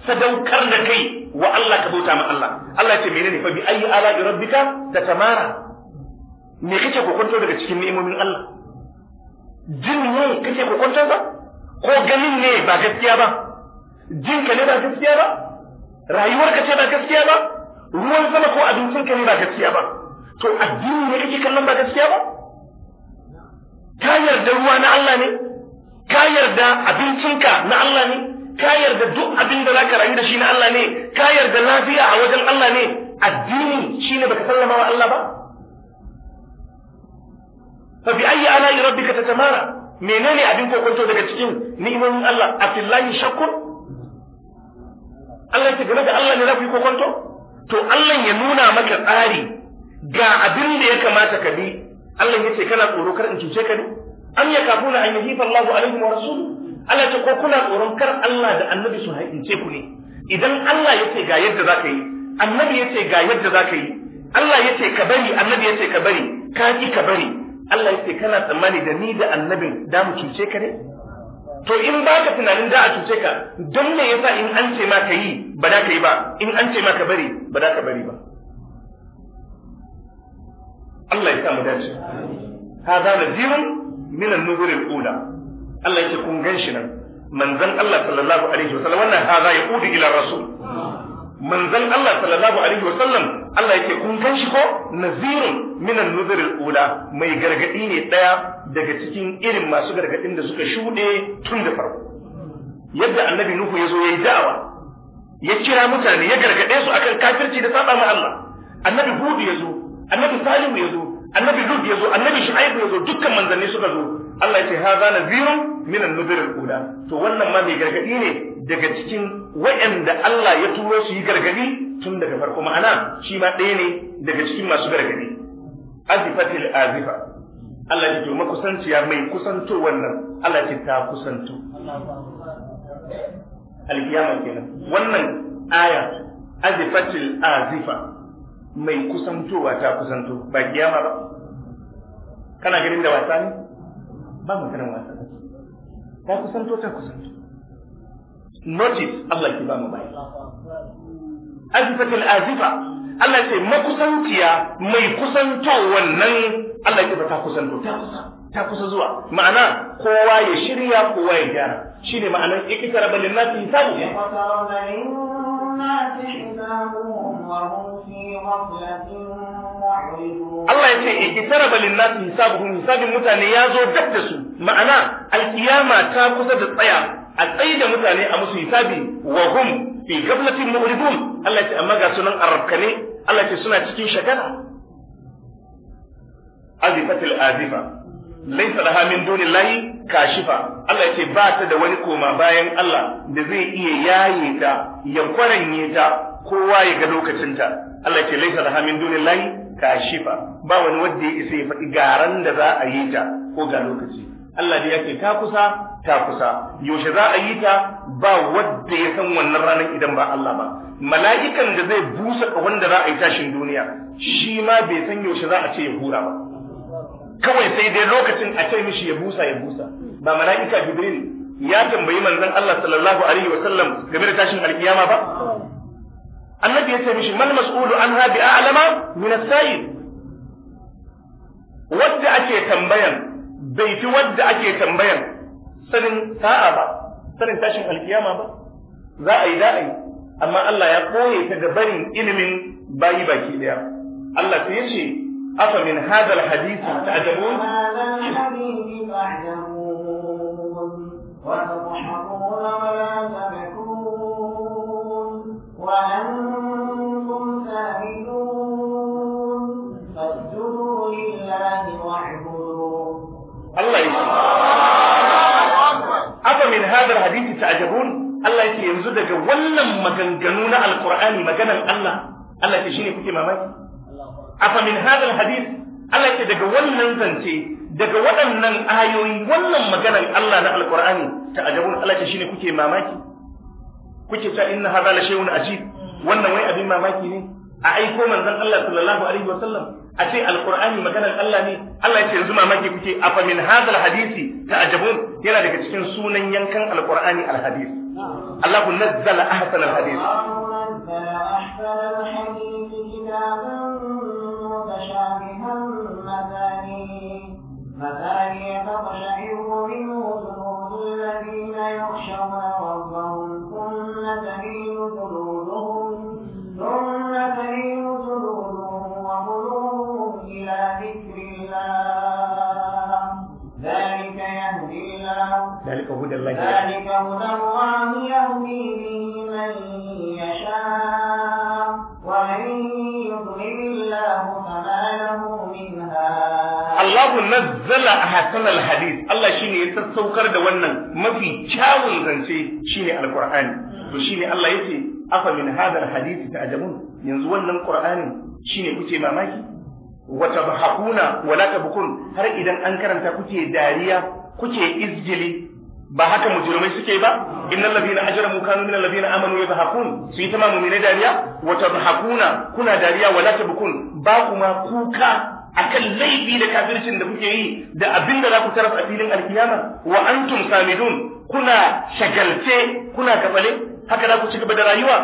[SPEAKER 2] sadaukar da kai wa Allah ka bauta ma Allah Allah ce menene fa bi ayi ala rabbika tatamara me kace kokonto daga cikin ni'imomin Allah jin ne kace kokonto ba ko ganin ne ba gaskiya ba jinka ne ba gaskiya ba rayuwarka ce ba gaskiya ba ruwan sama ko abincin ka ne ba gaskiya ba to addini ne kake kallon ba gaskiya ba ka yarda ruwa na Allah ne ka yarda abincinka na Allah ne ka yarda duk abin da zaka rayu da shi na Allah ne ka yarda lafiya a wajen Allah ne addini shine baka sallama wa Allah ba fa bi ayyi ala'i rabbika tatamara menene abin kokonto daga cikin ni'imomin Allah afillahi shakkur Allah ya gane da Allah ne za ku yi to Allah ya nuna maka tsari ga abin da ya kamata ka bi Allah ya ce kana tsoro kar in cuce ka ne an ya kafuna an fa Allahu alaihi wa rasul Allah ce ko kuna tsoron kar Allah da annabi su haƙince ku ne idan Allah ya ce ga yadda zaka yi annabi ya ce ga yadda zaka yi Allah ya ce ka bari annabi ya ce ka bari ka ki ka bari Allah ya ce kana tsammani da ni da annabin da mu cuce ka ne to in ba ka tunanin da a cuce ka don me yasa in an ce ma ka yi ba da ka yi ba in an ce ma ka bari ba da ka bari ba Allah ya samu dace hada nadirun min an-nuzur al-ula Allah ya ce kun ganshi nan manzon Allah sallallahu alaihi wasallam wannan hada ya kudi ila rasul manzon Allah sallallahu alaihi wasallam Allah ya ce kun ganshi ko nazirun minan an ula mai gargadi ne daya daga cikin irin masu gargadin da suka shuɗe tun da farko yadda annabi nuhu ya zo ya yi da'awa ya kira mutane ya gargaɗe su akan kafirci da saba ma Allah annabi hudu ya zo annabi salihu ya zo annabi lut ya zo annabi shu'aibu ya zo dukkan manzanni suka zo Allah ya ce hadha nadhirun min an-nudhir al-ula to wannan ma mai gargadi ne daga cikin wayanda Allah ya turo su yi gargadi tun daga farko ma'ana shi ma ɗaya ne daga cikin masu gargadi azifatil azifa Allah ya ce makusanciya mai kusanto wannan Allah ya ta kusanto alkiyama kenan wannan aya azifatil azifa mai kusantowa ta kusanto ba kiyama ba kana ganin da wasa ne ba mu maganin wasa ta kusanto ta kusanto notice Allah ki ba mu bai azifatil azifa Allah ce makusantiya mai kusantowa nan Allah ya ta kusan ta kusa ta kusa zuwa ma'ana kowa ya shirya kowa ya gyara shine ma'anar ikitara balin nasu hisabu ya
[SPEAKER 1] Allah ya ce ikitara
[SPEAKER 2] balin nasu hisabuhum hisabin mutane ya zo dab da su ma'ana alkiyama ta kusa da tsaya a tsayi da mutane a musu hisabi wa hum fi gablatin mu'ridun Allah ya ce amma ga sunan arabkane Allah ya ce suna cikin shagala al azifa laysa laha min llahi kashifa Allah yake ba ta da wani koma bayan Allah da zai iya yaye ta ya kwaranye ta kowa ya ga lokacin ta Allah yake laysa laha min llahi kashifa ba wani wanda ya isa ya faɗi garan da za a yi ta ko ga lokaci Allah da yake ta kusa ta kusa yaushe za a yi ta ba wanda ya san wannan ranar idan ba Allah ba mala'ikan da zai busa wanda za a yi tashin duniya shi ma bai san yaushe za a ce ya hura ba kawai sai dai lokacin a ce mishi ya busa ya busa ba mala'ika jibril ya tambayi manzon Allah sallallahu alaihi wa sallam game da tashin alkiyama ba annabi ya ce mishi mal mas'ulu anha bi a'lama min as-sa'il wadda ake tambayan bai fi wadda ake tambayan sanin sa'a ba sanin tashin alkiyama ba za a yi da'ai amma Allah ya koye ta da barin ilimin bayi baki daya Allah sai ya ce أفمن هذا الحديث تعجبون
[SPEAKER 1] وتضحكون ولا تبكون وأنتم سامدون فاسجدوا لله واعبدوا الله يسلمك أفمن هذا الحديث تعجبون
[SPEAKER 2] Allah yake yanzu daga wannan maganganu na Alƙur'ani maganan Allah Allah ke afa min hadal hadith Allah ce daga wannan zance daga waɗannan ayoyi wannan maganar Allah na alqur'ani ta ajabun Allah ce shine kuke mamaki kuke ta inna hadha la shay'un ajib wannan wai abin mamaki ne a aiko manzon Allah sallallahu alaihi wasallam a ce alqur'ani maganar Allah ne Allah ya ce yanzu mamaki kuke afa min hadal hadisi ta ajabun yana daga cikin sunan yankan alqur'ani alhadis.
[SPEAKER 1] Allahu nazzala ahsanal hadith أحسن الحديث كتابا مثانيه مثاني تقشعر منه جنود الذين يخشون ربهم ثم تهين جنودهم ثم تهين جنودهم وقلوبهم إلى ذكر الله ذلك يهدي الله ذلك هدى الله ذلك هدى الله يهدي به من يشاء Allahu nazzala
[SPEAKER 2] a hasanal hadith Allah shine ya sassaukar da wannan mafi kyawun zance shine Alƙur'ani. to shine Allah yace afa min hadal hadith ta'jamun yanzu wannan qur'anin shine kuke mamaki wa tabhaquna wa la tabkun har idan an karanta kuke dariya kuke izgili ba haka mujrimai suke ba innal ladina ajramu kanu minal ladina amanu yadhakun su yi tama mu'mine dariya wa tadhakuna kuna dariya wala tabkun ba kuma kuka akan laifi da kafircin da kuke yi da abin da za ku taras a filin alkiyama wa antum samidun kuna shagalce kuna kafale haka za ku ci gaba da rayuwa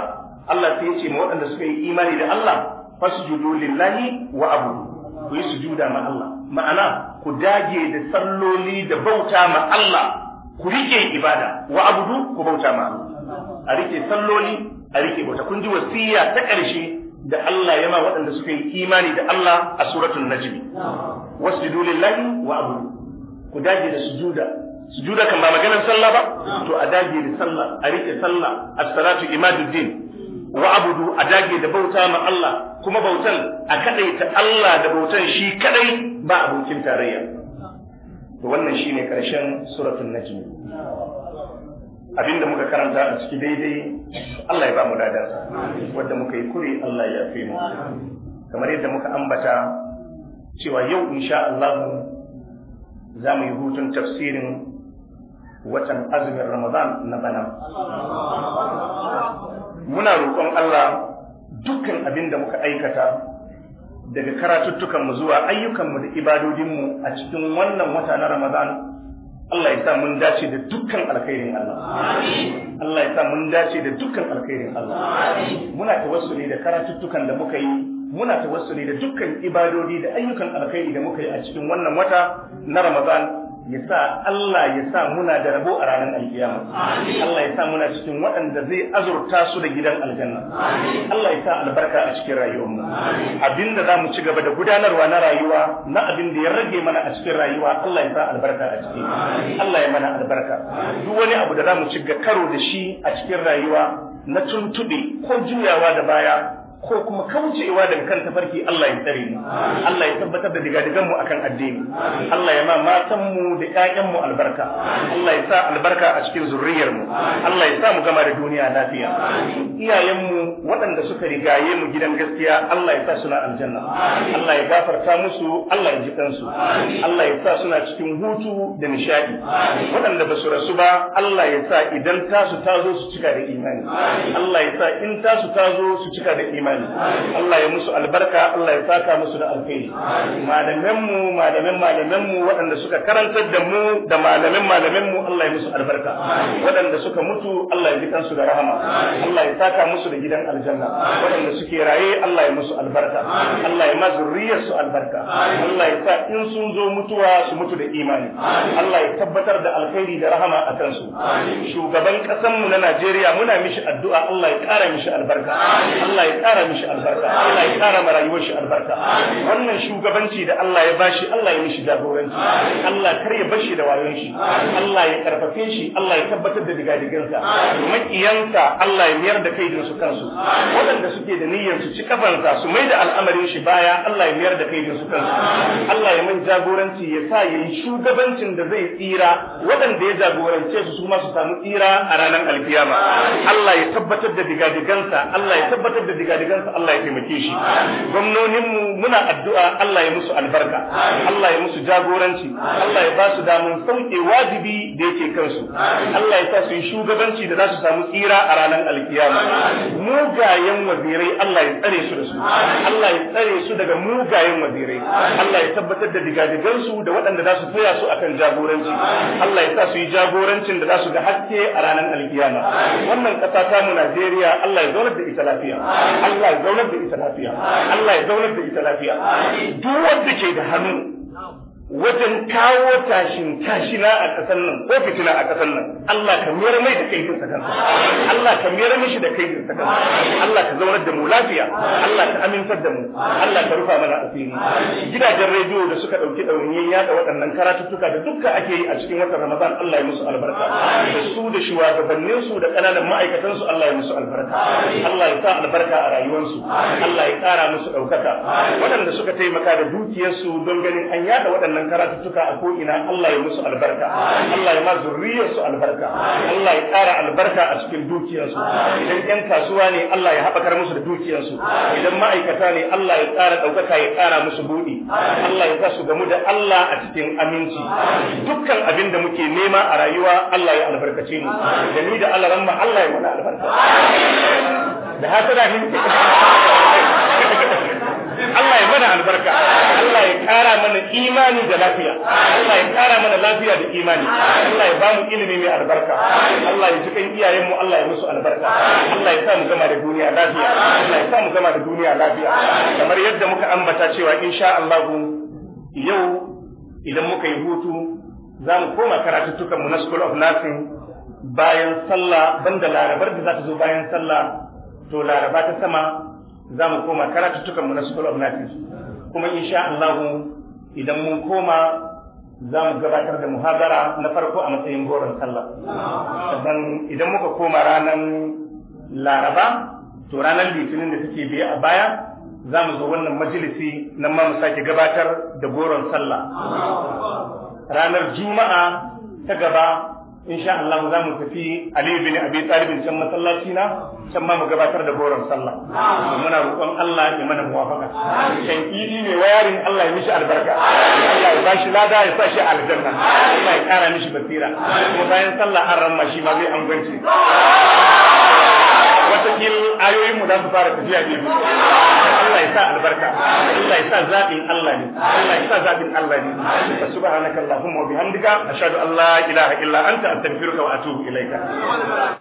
[SPEAKER 2] Allah sai ya ce ma waɗanda suka yi imani da Allah fasjudu lillahi wa abudu ku yi sujuda ma Allah ma'ana ku dage da salloli da bauta ma Allah ku rike ibada wa abudu ku bauta ma a rike salloli a rike bauta kun ji wasiya ta ƙarshe da Allah ya ma waɗanda suka yi imani da Allah a suratul najmi wasjudu lillahi wa abudu ku dage da sujuda sujuda kan ba maganar sallah ba to a dage da sallah a rike sallah as-salatu imaduddin wa abudu a dage da bauta ma Allah kuma bautan a kadaita Allah da bautan shi kadai ba abokin tarayya wannan shi ne karshen suratun najm abinda muka karanta a ciki daidai Allah ya ba mu dadansa wadda muka yi kuri Allah ya fi mu kamar yadda muka ambata cewa yau insha Allah za mu yi hutun tafsirin watan azumin Ramadan na bana muna roƙon Allah dukkan abin da muka aikata daga karatuttukanmu zuwa ayyukanmu da ibadodinmu a cikin wannan wata na Ramadan Allah ya sa mun dace da dukkan alkhairin Allah. Allah ya sa mun dace da dukkan alkhairin Allah. Muna tawassuli da karatuttukan da muka yi, muna tawassuli da dukkan ibadodi da ayyukan alkhairi da muka yi a cikin wannan wata na Ramadan. ya sa Allah ya sa muna da rabo a ranar alkiyama Allah ya sa muna cikin waɗanda zai azurta su da gidan aljanna Allah ya sa albarka a cikin rayuwarmu abinda zamu ci gaba da gudanarwa na rayuwa na abinda ya rage mana a cikin rayuwa Allah ya sa albarka a ciki Allah ya mana albarka duk wani abu da za mu ci ga karo da shi a cikin rayuwa na tuntuɓe ko juyawa da baya ko kuma kaucewa daga kan tafarki Allah ya tsare mu Allah ya tabbatar da digadigan mu akan addini Allah ya ma matan mu da ƴaƴan mu albarka Allah ya sa albarka a cikin zuriyar mu Allah ya sa mu gama da duniya lafiya iyayen mu waɗanda suka rigaye mu gidan gaskiya Allah ya sa suna aljanna Allah ya gafarta musu Allah ya ji kansu Allah ya sa suna cikin hutu da nishadi waɗanda ba su rasu ba Allah ya sa idan tasu tazo su cika da imani Allah ya sa in tasu tazo su cika da imani imani Allah ya musu albarka Allah ya saka musu da alkhairi mu mu waɗanda suka karantar da mu da malamin malaman mu Allah ya musu albarka waɗanda suka mutu Allah ya ji kansu da rahama Allah ya saka musu da gidan aljanna waɗanda suke raye Allah ya musu albarka Allah ya ma su albarka Allah ya sa in sun zo mutuwa su mutu da imani Allah ya tabbatar da alkhairi da rahama a kansu shugaban ƙasar na Najeriya muna mishi addu'a Allah ya ƙara mishi albarka Allah ya ƙara ƙara mishi albarka Allah ya ƙara shi albarka wannan shugabanci da Allah ya bashi Allah ya mishi jagoranci Allah kar ya bashi da wayon shi Allah ya karfafe shi Allah ya tabbatar da digadiginsa makiyansa Allah ya miyar da kaidin su kansu waɗanda suke da niyyar su ci kafansa su mai da al'amarin shi baya Allah ya miyar da kaidin su kansu Allah ya man jagoranci ya sa yayi shugabancin da zai tsira waɗanda ya jagorance su su ma su samu tsira a ranar alkiyama Allah ya tabbatar da digansa. Allah ya tabbatar da digadigansa kansa Allah ya taimake shi gwamnonin mu muna addu'a Allah ya musu albarka Allah ya musu jagoranci Allah ya ba su damun sauke wajibi da yake kansu Allah ya sa su yi shugabanci da za su samu tsira a ranar alkiyama mugayen wazirai Allah ya tsare su da su Allah ya tsare su daga mugayen wazirai Allah ya tabbatar da digadigan su da waɗanda za su tsaya su akan jagoranci Allah ya sa su yi jagorancin da za su ga haske a ranar alkiyama wannan ƙasa ta mu Najeriya Allah ya zaunar da ita lafiya Allah ya zaunar da ita lafiya Allah ya zaunar da ita lafiya duk wanda ke da hannu wajen kawo tashin tashina a ƙasar nan ko fitina a ƙasar nan Allah ka miyar mai da kai kansa Allah ka miyar mishi da kai kansa Allah ka zaunar da mu lafiya Allah ka amintar da mu Allah ka rufa mana asiri gidajen rediyo da suka ɗauki ɗawainiyar yaɗa waɗannan karatuttuka da dukka ake yi a cikin watan Ramadan Allah ya musu albarka da su da shugabannin su da ƙananan ma'aikatan su Allah ya musu albarka Allah ya sa albarka a rayuwarsu Allah ya ƙara musu ɗaukaka waɗanda suka taimaka da dukiyarsu don ganin an yaɗa waɗannan waɗannan karatuttuka a ko'ina Allah ya musu albarka Allah ya ma zurriyar su albarka Allah ya ƙara albarka a cikin dukiyarsu idan yan kasuwa ne Allah ya haɓakar musu da dukiyarsu idan ma'aikata ne Allah ya ƙara ɗaukaka ya ƙara musu buɗi Allah ya su gamu da Allah a cikin aminci dukkan abin da muke nema a rayuwa Allah ya albarkace mu da ni da Allah ranma Allah ya mana albarka da hasada ne Allah ya mana albarka Allah ya kara mana imani da lafiya Allah ya kara mana lafiya da imani Allah ya bamu ilimi mai albarka Allah ya cikin iyayen mu Allah ya musu albarka Allah ya sa mu zama da duniya lafiya Allah ya sa mu zama da duniya lafiya kamar yadda muka ambata cewa insha Allah yau idan muka yi hutu za mu koma karatuttukan mu na School of Nursing bayan sallah banda larabar da za ta zo bayan sallah to laraba ta sama za mu koma karatuttukan mu na school of nafis kuma insha Allah idan mun koma za mu gabatar da muhadara na farko a matsayin goron sallah idan muka koma ranar laraba to ranar litinin da suke biya a baya za mu zo wannan majalisi nan ma mu sake gabatar da goron sallah ranar juma'a ta gaba insha Allah za mu tafi Ali bin Abi Talib can masallaci na can ma mu gabatar da goron sallah muna roƙon Allah ya mana muwafaka kan idi ne wayarin Allah ya mishi albarka Allah ya bashi lada ya sa shi aljanna Allah ya kara mishi basira kuma bayan sallah an ramma shi ma zai angwance watakil ayoyin mu za su fara tafiya ne Allah ya sa albarka Allah ya sa zabin Allah ne Allah ya sa zabin Allah ne subhanakallahumma wa bihamdika ashhadu an la ilaha illa anta astaghfiruka wa atubu ilaika